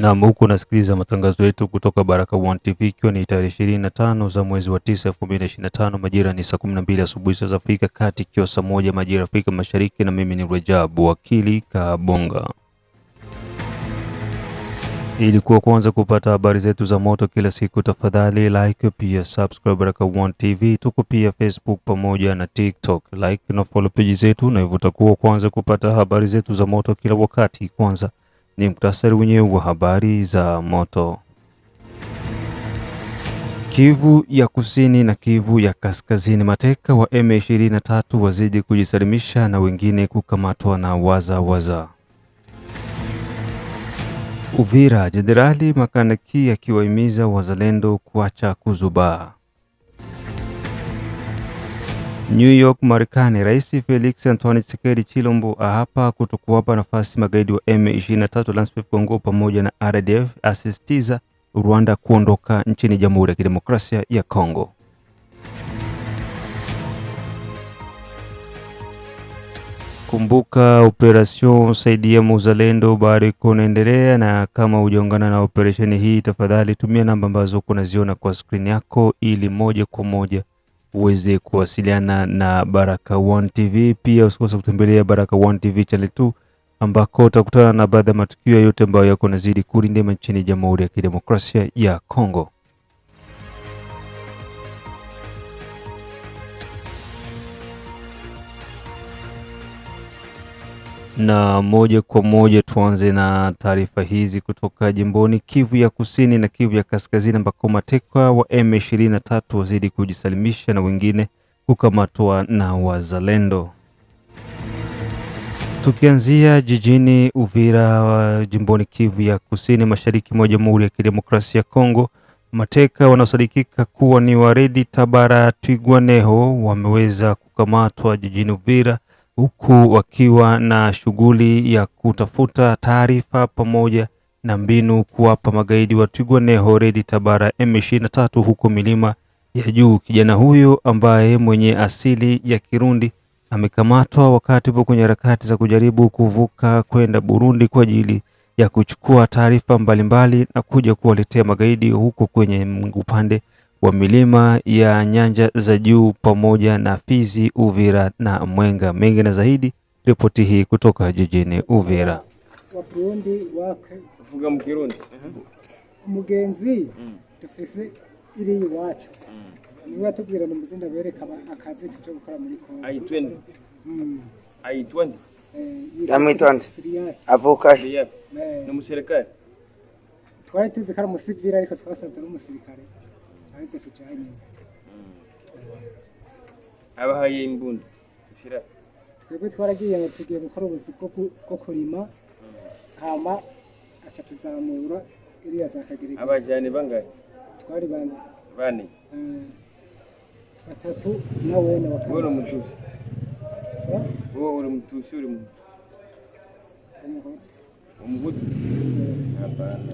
Naam, huku unasikiliza matangazo yetu kutoka Baraka One TV ikiwa ni tarehe ishirini na tano za mwezi wa tisa elfu mbili na ishirini na tano majira ni saa kumi na mbili asubuhi saa za Afrika Kati, ikiwa saa moja majira Afrika Mashariki, na mimi ni Rajabu Wakili Kabonga. Ili kuwa kwanza kupata habari zetu za moto kila siku, tafadhali like pia subscribe Baraka One TV. Tuko pia Facebook pamoja na TikTok, like na follow page zetu, na hivyo utakuwa kwanza kupata habari zetu za moto kila wakati. Kwanza ni mktasari wenyewe wa habari za moto. Kivu ya Kusini na Kivu ya Kaskazini, mateka wa M23 wazidi kujisalimisha na wengine kukamatwa na waza waza. Uvira, Jenerali Makanaki akiwahimiza wazalendo kuacha kuzubaa. New York, Marekani. Rais Felix Antoine Tshisekedi Chilombo ahapa kutokuwapa nafasi magaidi wa M23 Lancepath Congo pamoja na RDF, asisitiza Rwanda kuondoka nchini Jamhuri ya Kidemokrasia ya Kongo. Kumbuka operation saidia muzalendo bariko unaendelea, na kama hujaungana na operesheni hii, tafadhali tumia namba ambazo unaziona kwa skrini yako ili moja kwa moja uweze kuwasiliana na Baraka1 TV. Pia usikose kutembelea Baraka1 TV channel 2 ambako utakutana na baadhi ya matukio yote ambayo yako nazidi kurindima nchini Jamhuri ya Kidemokrasia ya Kongo. Na moja kwa moja tuanze na taarifa hizi kutoka jimboni Kivu ya Kusini na Kivu ya Kaskazini ambako mateka wa M23 wazidi kujisalimisha na wengine kukamatwa na wazalendo. Tukianzia jijini Uvira wa jimboni Kivu ya Kusini mashariki mwa Jamhuri ya Kidemokrasia ya Kongo, mateka wanaosadikika kuwa ni Waredi Tabara Twigwaneho wameweza kukamatwa jijini Uvira huku wakiwa na shughuli ya kutafuta taarifa pamoja na mbinu kuwapa magaidi neho redi Tabara M23 huko milima ya juu. Kijana huyo ambaye mwenye asili ya Kirundi amekamatwa wakati upo kwenye harakati za kujaribu kuvuka kwenda Burundi kwa ajili ya kuchukua taarifa mbalimbali na kuja kuwaletea magaidi huko kwenye upande wa milima ya nyanja za juu pamoja na Fizi, Uvira na Mwenga. Mengi na zaidi, ripoti hii kutoka jijini Uvira. Wapurundi wake uvuga mu Kirundi mugenzi tufise mm. iri iwacu mm. niwe atubwira ni muzinda bereka akazi tuco gukora muri Kongo 20 ayitwende mm. ayitwende eh, Damitwande avoka eh. ni musirikare twari tuzi ko ari ariko twasanze ari umusirikare ariko tukijyanye mm. abahaye imbunda ishyira twebwe twaragiye ngo tugiye gukora ubuzi bwo kurima hama aca tuzamura iriya za kagereka abajyane bangahe twari bane bane eh, batatu na wene batatu wowe uri umutusi wowe uri umutusi uri umuhutu umuhutu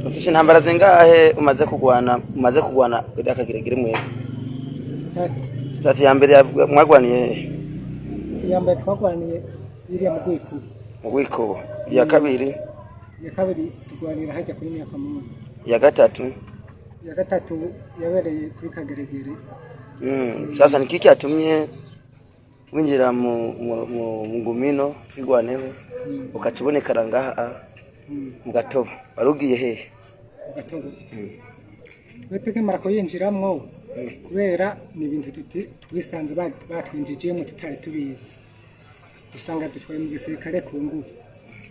ofisi intambara zingahe eh, umaze kugwana umaze kugwana iraka kiregire mwe? Tatu ya mbere mwagwaniye Ya mbere twagwaniye iri ya Rwikubo. Mu Ya kabiri? Ya kabiri tugwanira hajya kuri Nyakamunyu. Ya gatatu? Ya gatatu yabereye kuri Kageregere. Mm, sasa ni kiki atumye winjira mu mu, mu, mu ngumino twigwaneho hmm. ukacibonekara ngaha mu gatobo wari ugiye hehe twebwe hmm. marakuyinjiramo hmm. kubera ni ibintu twisanze batwinjijemo tutari tubizi dusanga dutwaye mu gisirikare ku ngufu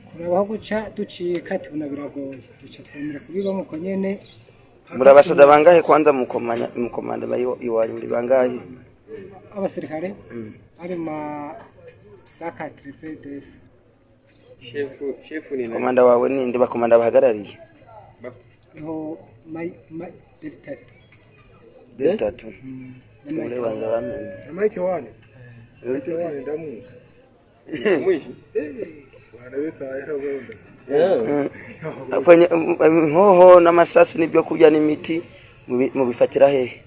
kurabaho guca ducika tubona biragoye duca twemera kubiba nk'uko nyine muri abasoda bangahe kwanza mukomanda iwanyu muri bangahe abasirikare hmm. ari saka tripedesi shefu shefu ni komanda wawe ni ndi bakomanda bahagarariye no mai mai delta delta eh? tu mm. ule wanga bamenye maiki wane maiki wane ndamuzi mwishi kwenye hoho n'amasasi n'ibyo kurya n'imiti mubifatira hehe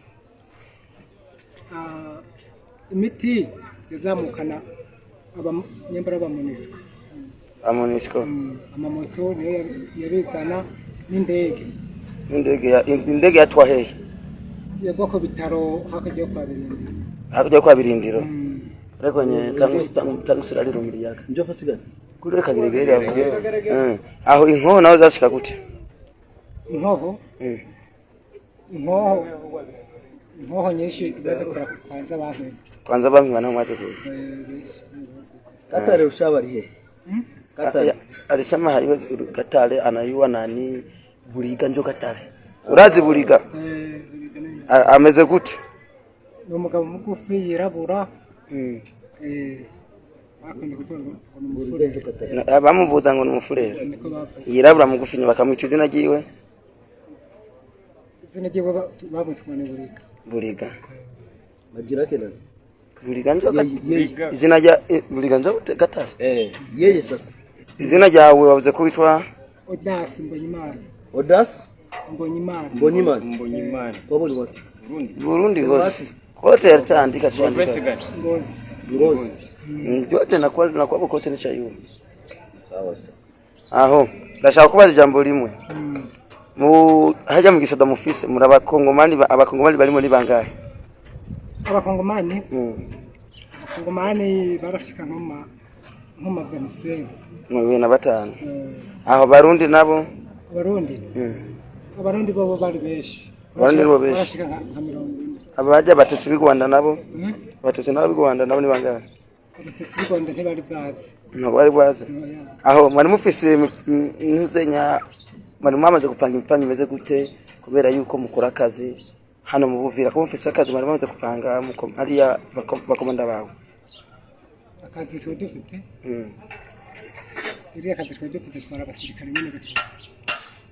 imiti ah, yazamukana abanyembara ba munisika amonisiko mm, amamoto niyo yabizana n'indege indege yatwa hehe yagwa ku bitaro hakurya kwa birindiro hakurya kwa birindiro mm. ariko nye tangusira rero muri yaka njo fasigana kuri kageregere yavuye mm. aho inkoho nawe zashika gute inkoho inkoho inkoho nyinshi zaza kwanza abantu kwanza abantu bana mwaze kuza eh, atare ushabari he hmm? alisema haiwezi katale anayua nani buliga njo katale ah. urazi buliga eh, ameze gute numugabo mugufi yirabura mm eh bamubuza ngo ni umufurere yirabura mugufi nyuma bakamwica izina ryiwe buriga buriga njo buriga eh, njo gatare eh, yeye sasa izina ryawe wavuze ko witwa Odas Mbonyimana Odas Mbonyimana Mbonyimana Mbonyimana wabonye wapi Burundi hose kote yarcandika tuandika Ngozi Ngozi mm, yote na kwa na kwako kote ni chayo sawa sawa aho ndashaka kubaza jambo limwe mm. mu hajya mu gisada mufise muri abakongomani abakongomani barimo nibangahe abakongomani mm Kongomani barashika nko nko mu Afghanistan mu bibiri na batanu aho barundi nabo abarundi eh. abarundi bo bari benshi abarundi bo benshi abajya abatutsi b'i Rwanda nabo abatutsi hmm? nabo b'i Rwanda nabo ni bangahe abatutsi b'i Rwanda ntibari bwazi ntibari bwazi aho mwari mufise nk'uzenya mwari mwamaze gupanga imipango imeze gute kubera yuko mukora akazi hano mu buvira kuba mufise akazi mwari mwamaze gupanga hariya bakomanda bawe akazi tuba dufite hmm. iriya kazi tuba dufite twara abasirikare nyine gutyo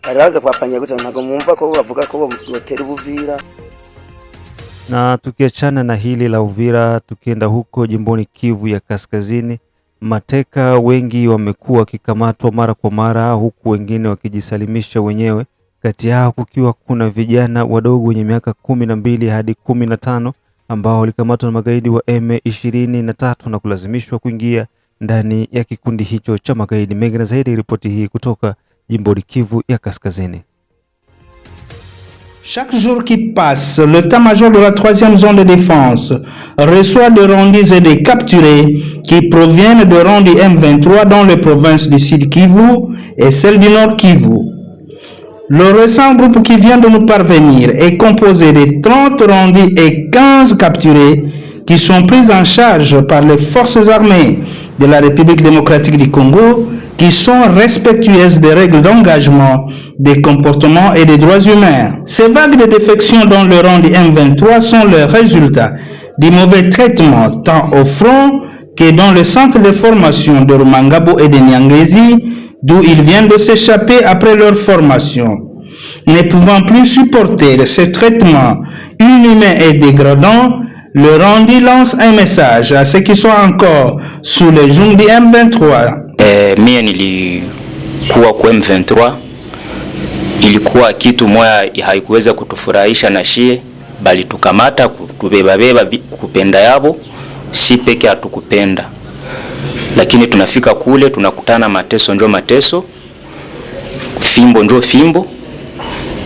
baragapapanya gutyo ntabwo mwumva ko bavuga ko batera ubuvira na tukiachana na hili la Uvira, tukienda huko jimboni Kivu ya Kaskazini, mateka wengi wamekuwa wakikamatwa mara kwa mara, huku wengine wakijisalimisha wenyewe. Kati yao kukiwa kuna vijana wadogo wenye miaka kumi na mbili hadi kumi na tano ambao walikamatwa na magaidi wa M23 na kulazimishwa kuingia ndani ya kikundi hicho cha magaidi. Mengi na zaidi, ripoti hii kutoka jimboni Kivu ya Kaskazini. Chaque jour qui passe, le major de la troisième zone de défense reçoit des rendis et des capturés qui proviennent de rondis M23 dans les provinces du Sud Kivu et celles du Nord Kivu. Le récent groupe qui vient de nous parvenir est composé de 30 rendus et 15 capturés qui sont pris en charge par les forces armées de la République démocratique du Congo qui sont respectueuses des règles d'engagement, des comportements et des droits humains. Ces vagues de défection dans le rang M23 sont le résultat du mauvais traitement tant au front que dans le centre de formation de Rumangabo et de Nyangezi d'où ils viennent de s'échapper après leur formation. Ne pouvant plus supporter ce traitement inhumain et dégradant, le Randi lance un message à ceux qui sont encore sous les joncs du M23. Eh, mie nilikuwa kwa M23 ilikuwa kitu moya haikuweza kutufurahisha na shie, bali tukamata beba kupenda yabo, si peke hatukupenda lakini tunafika kule tunakutana mateso njo mateso, fimbo njo fimbo,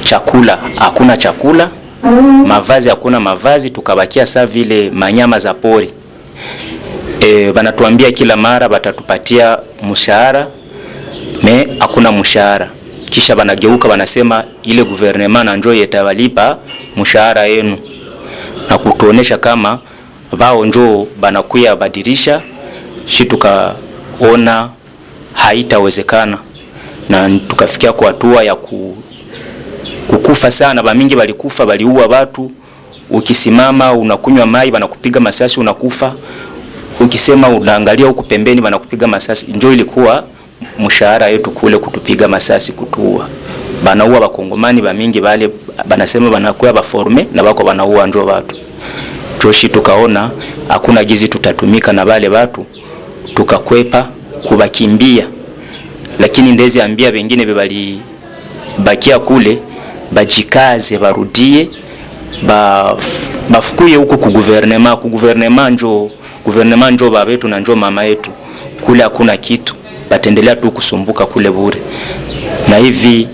chakula hakuna chakula, mavazi hakuna mavazi, tukabakia saa vile manyama za pori. E, wanatuambia kila mara watatupatia mshahara me hakuna mshahara. Kisha wanageuka wanasema ile guvernema na njo yetawalipa mshahara yenu na kutuonesha kama vao njo banakuya badirisha shi tukaona haitawezekana na tukafikia kwa hatua ya ku, kukufa sana. Bamingi balikufa baliua watu. Ukisimama unakunywa mai wanakupiga masasi unakufa, ukisema unaangalia huku pembeni wanakupiga masasi. Njo ilikuwa mshahara yetu kule, kutupiga masasi, kutuua. Banaua bakongomani bamingi bale banasema banakuwa baforme na bako banaua njo watu toshi. Tukaona hakuna gizi tutatumika na wale watu tukakwepa kubakimbia, lakini ndezi ambia ndeziambia bengine bakia kule bajikaze barudie ba, bafukuye huko ku guvernema ku guvernema njo guvernema njo baba yetu na njo mama yetu. Kule hakuna kitu, batendelea tu kusumbuka kule bure. Na hivi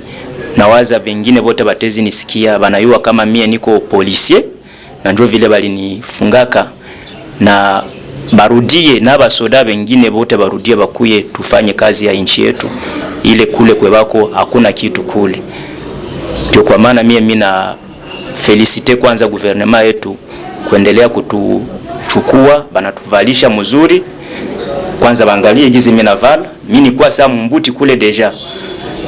nawaza bengine bote batezi nisikia banayua kama mie niko polisie na njo vile balinifungaka na barudie n'abasoda bengine bote barudie, bakuye tufanye kazi ya nchi yetu ile. Kule kwebako hakuna kitu kule, ndio kwa maana mie na felicite kwanza guvernema yetu kuendelea kutuchukua, banatuvalisha mzuri. Kwanza bangalie gizi mimi naval mimi ni kwa saa mbuti kule deja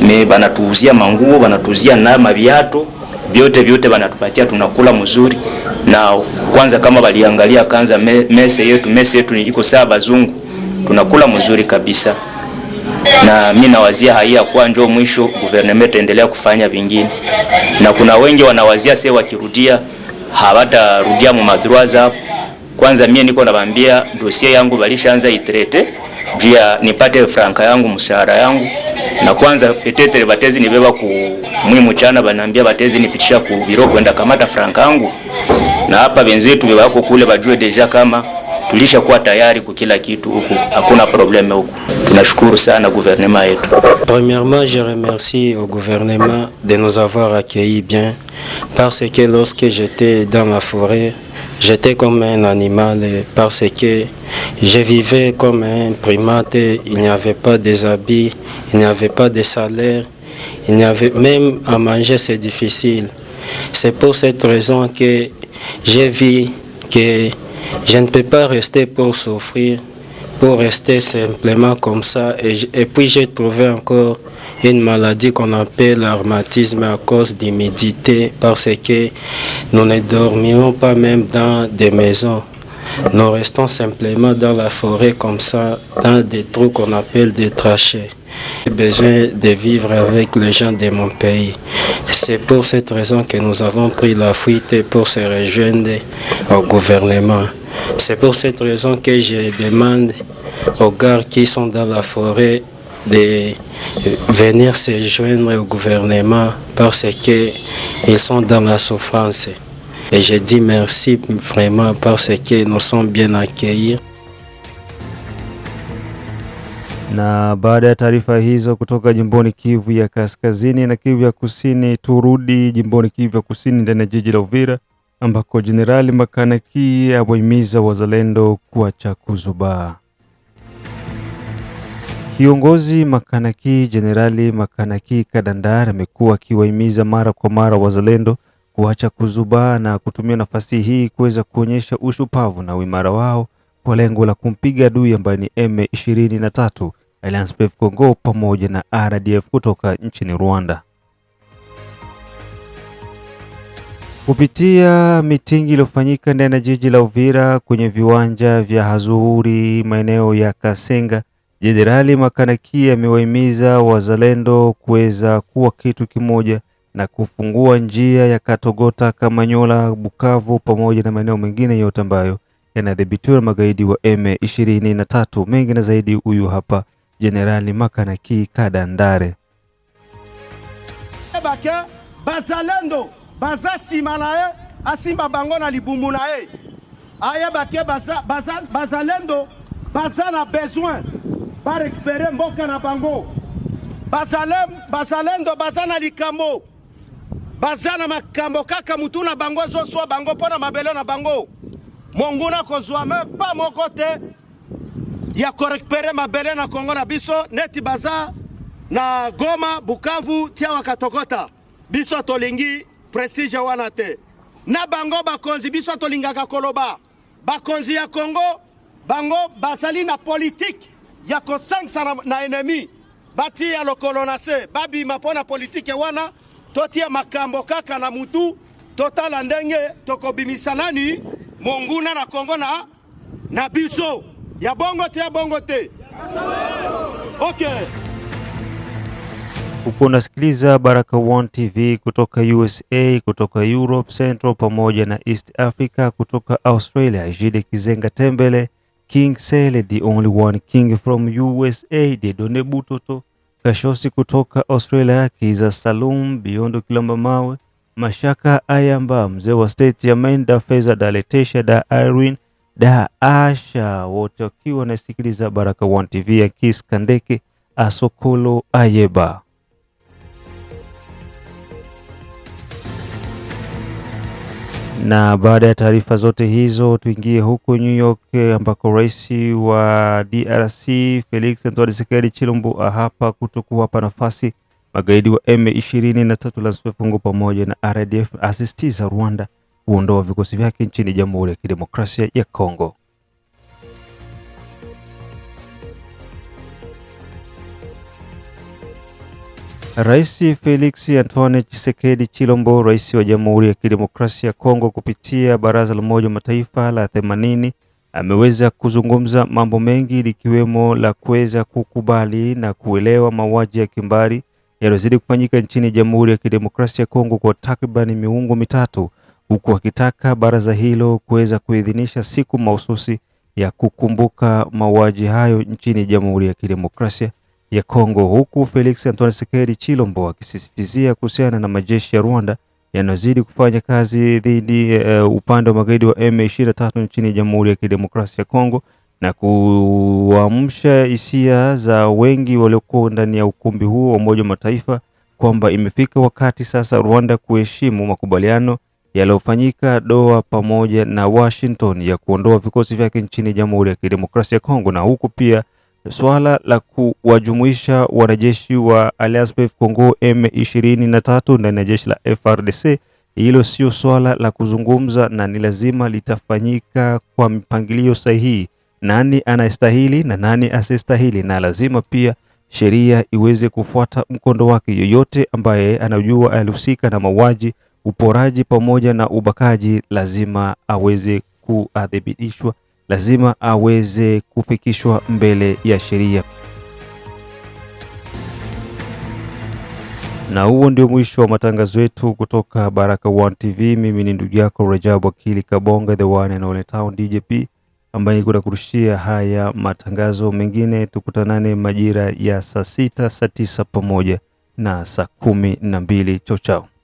me banatuuzia manguo, banatuuzia na maviato, vyote vyote banatupatia, tunakula mzuri na kwanza, kama waliangalia kwanza mese yetu, mese yetu iko saa bazungu, tunakula mzuri kabisa, na mimi nawazia haya kwa njo mwisho guverneme endelea kufanya vingine, na kuna wengi wanawazia se wakirudia hawatarudia mu madruaza Kwanza mimi niko nabambia dosie yangu balishaanza itrete via nipate franka yangu mshahara yangu na kwanza petetere batezi nibeba ku mwimuchana chana, banaambia batezi nipitisha ku biro kwenda kamata franka yangu na hapa wenzetu wako kule kama tayari kwa gouvernement Premièrement, je remercie au gouvernement de nous avoir accueillis bien parce que lorsque j'étais dans la forêt, j'étais comme un animal parce que je vivais comme un primate, il n'y avait pas des habits, il n'y avait pas de salaire, il n'y avait même à manger, c'est difficile. C'est pour cette raison que j'ai vu que je ne peux pas rester pour souffrir, pour rester simplement comme ça. Et, puis j'ai trouvé encore une maladie qu'on appelle l'armatisme à cause d'humidité, parce que nous ne dormions pas même dans des maisons. Nous restons simplement dans la forêt comme ça, dans des trous qu'on appelle des trachées. J'ai besoin de vivre avec les gens de mon pays. C'est pour cette raison que nous avons pris la fuite pour se rejoindre au gouvernement. C'est pour cette raison que je demande aux gars qui sont dans la forêt de venir se joindre au gouvernement parce qu'ils sont dans la souffrance. Et je dis merci vraiment parce que nous sommes bien accueillis. Na baada ya taarifa hizo kutoka jimboni Kivu ya Kaskazini na Kivu ya Kusini, turudi jimboni Kivu ya Kusini ndani ya jiji la Uvira ambako Jenerali Makanaki awahimiza wazalendo kuacha kuzubaa. Kiongozi Makanaki Jenerali Makanaki Kadandar amekuwa akiwahimiza mara kwa mara wazalendo kuacha kuzubaa na kutumia nafasi hii kuweza kuonyesha ushupavu na uimara wao kwa lengo la kumpiga adui ambaye ni M23 Alliance PF Congo pamoja na RDF kutoka nchini Rwanda. Kupitia mitingi iliyofanyika ndani ya jiji la Uvira kwenye viwanja vya Hazuhuri maeneo ya Kasenga, Jenerali Makanaki amewahimiza wazalendo kuweza kuwa kitu kimoja na kufungua njia ya Katogota, Kamanyola, Bukavu pamoja na maeneo mengine yote ambayo yanadhibitiwa na magaidi wa M23. Mengi na zaidi, huyu hapa Jenerali Makanaki Kadandare. Bake bazalendo baza nsima na ye asimba bango na libumu na ye ayebake bazalendo baza na besoin barekupere mboka na bango bazalendo baza na likambo baza na makambo kaka mutu na bango ezoswa bango mpo na mabele na bango monguna kozwa me pa moko te ya korekipere mabele na kongo na biso neti baza na goma bukavu tia wakatokota biso tolingi prestige wana te na bango bakonzi biso tolingaka koloba bakonzi ya kongo bango bazali na politike ya kosangisa na, na enemi batia lokolo na se babima mpo na politike wana totia makambo kaka na mutu totala ndenge tokobimisa nani monguna na kongo na, na biso ya bongo te ya bongo te. Okay. Upo unasikiliza Baraka One TV kutoka USA, kutoka Europe Central pamoja na East Africa, kutoka Australia, Jide Kizenga Tembele, King Sele, the only one king from USA, Dedone Butoto Kashosi kutoka Australia, Kiza Salum Biondo Kilamba Mawe Mashaka Ayamba, mzee wa state ya Menda Feza Daletesha da Irene Da asha wote wakiwa wanasikiliza Baraka One TV ya Kis Kandeke Asokolo Ayeba. Na baada ya taarifa zote hizo, tuingie huko New York eh, ambako rais wa DRC Felix Antoine Tshisekedi Chilombo ahapa hapa nafasi magaidi wa M23 la fungu pamoja na RDF, asisitiza Rwanda kuondoa vikosi vyake nchini Jamhuri ya Kidemokrasia ya Kongo. Rais Felix Antoine Tshisekedi Chilombo, rais wa Jamhuri ya Kidemokrasia ya Kongo, kupitia Baraza la Umoja wa Mataifa la 80 ameweza kuzungumza mambo mengi likiwemo la kuweza kukubali na kuelewa mauaji ya kimbari yaliyozidi kufanyika nchini Jamhuri ya Kidemokrasia ya Kongo kwa takribani miungo mitatu huku wakitaka baraza hilo kuweza kuidhinisha siku mahususi ya kukumbuka mauaji hayo nchini Jamhuri ya Kidemokrasia ya Kongo, huku Felix Antoine Tshisekedi Chilombo akisisitizia kuhusiana na majeshi ya Rwanda yanayozidi kufanya kazi dhidi uh, upande wa magaidi wa M23 nchini Jamhuri ya Kidemokrasia ya Kongo na kuamsha hisia za wengi waliokuwa ndani ya ukumbi huo wa Umoja wa Mataifa kwamba imefika wakati sasa Rwanda kuheshimu makubaliano yaliyofanyika Doha pamoja na Washington ya kuondoa vikosi vyake nchini Jamhuri ya Kidemokrasia ya Kongo, na huku pia swala la kuwajumuisha wanajeshi wa Alliance Congo M23 ndani ya jeshi la frdc hilo sio swala la kuzungumza na ni lazima litafanyika kwa mpangilio sahihi. Nani anastahili na nani asistahili, na lazima pia sheria iweze kufuata mkondo wake. Yoyote ambaye anajua alihusika na mauaji uporaji pamoja na ubakaji, lazima aweze kuadhibitishwa lazima aweze kufikishwa mbele ya sheria. Na huo ndio mwisho wa matangazo yetu kutoka Baraka One TV. Mimi ni ndugu yako Rajabu Akili Kabonga, the one and only town DJP, ambaye kurushia haya matangazo mengine. Tukutanane majira ya saa sita, saa tisa pamoja na saa kumi na mbili. Chao chao.